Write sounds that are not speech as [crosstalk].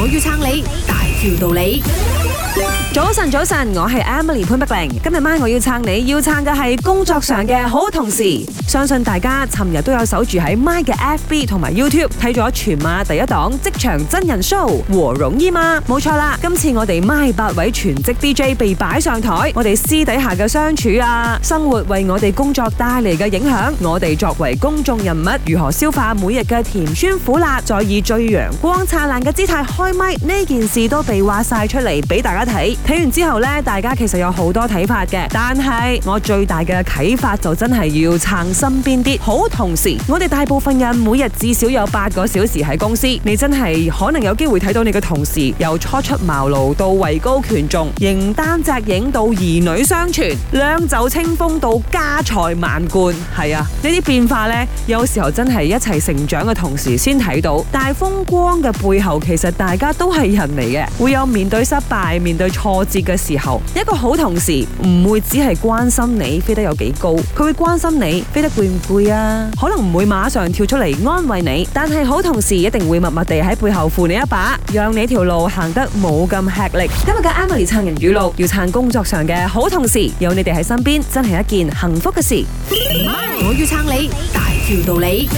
我要撐你，大條道理。早晨，早晨，我係 Emily 潘碧玲。今日晚我要撐你，要撐嘅係工作上嘅好同事。 [music] 相信大家尋日都有守住喺 MY 嘅 FB 同埋 YouTube 睇咗全馬第一檔職場真人 show 和容易嗎？冇錯啦，今次我哋 MY 八位全職 DJ 被擺上台，我哋私底下嘅相處啊，生活為我哋工作帶嚟嘅影響，我哋作為公眾人物如何消化每日嘅甜酸苦辣，再以最陽光燦爛嘅姿態開咪呢件事都被話晒出嚟俾大家睇。睇完之後呢，大家其實有好多睇法嘅，但係我最大嘅啟發就真係要撐身邊啲好同事。我哋大部分人每日至少有八個小時喺公司，你真係可能有機會睇到你嘅同事由初出茅廬到位高權重，形單隻影到兒女雙全，兩袖清風到家財萬貫。係啊，呢啲變化呢，有時候真係一齊成長嘅同時先睇到大風光嘅背後，其實大家都係人嚟嘅，會有面對失敗，面對錯。挫折嘅時候，一個好同事唔會只係關心你飛得有幾高，佢會關心你飛得攰唔攰啊。可能唔會馬上跳出嚟安慰你，但係好同事一定會默默地喺背後扶你一把，讓你條路行得冇咁吃力。今日嘅 Emily 撐人語錄，要撐工作上嘅好同事，有你哋喺身邊，真係一件幸福嘅事。媽媽。我要撐你，大條道理。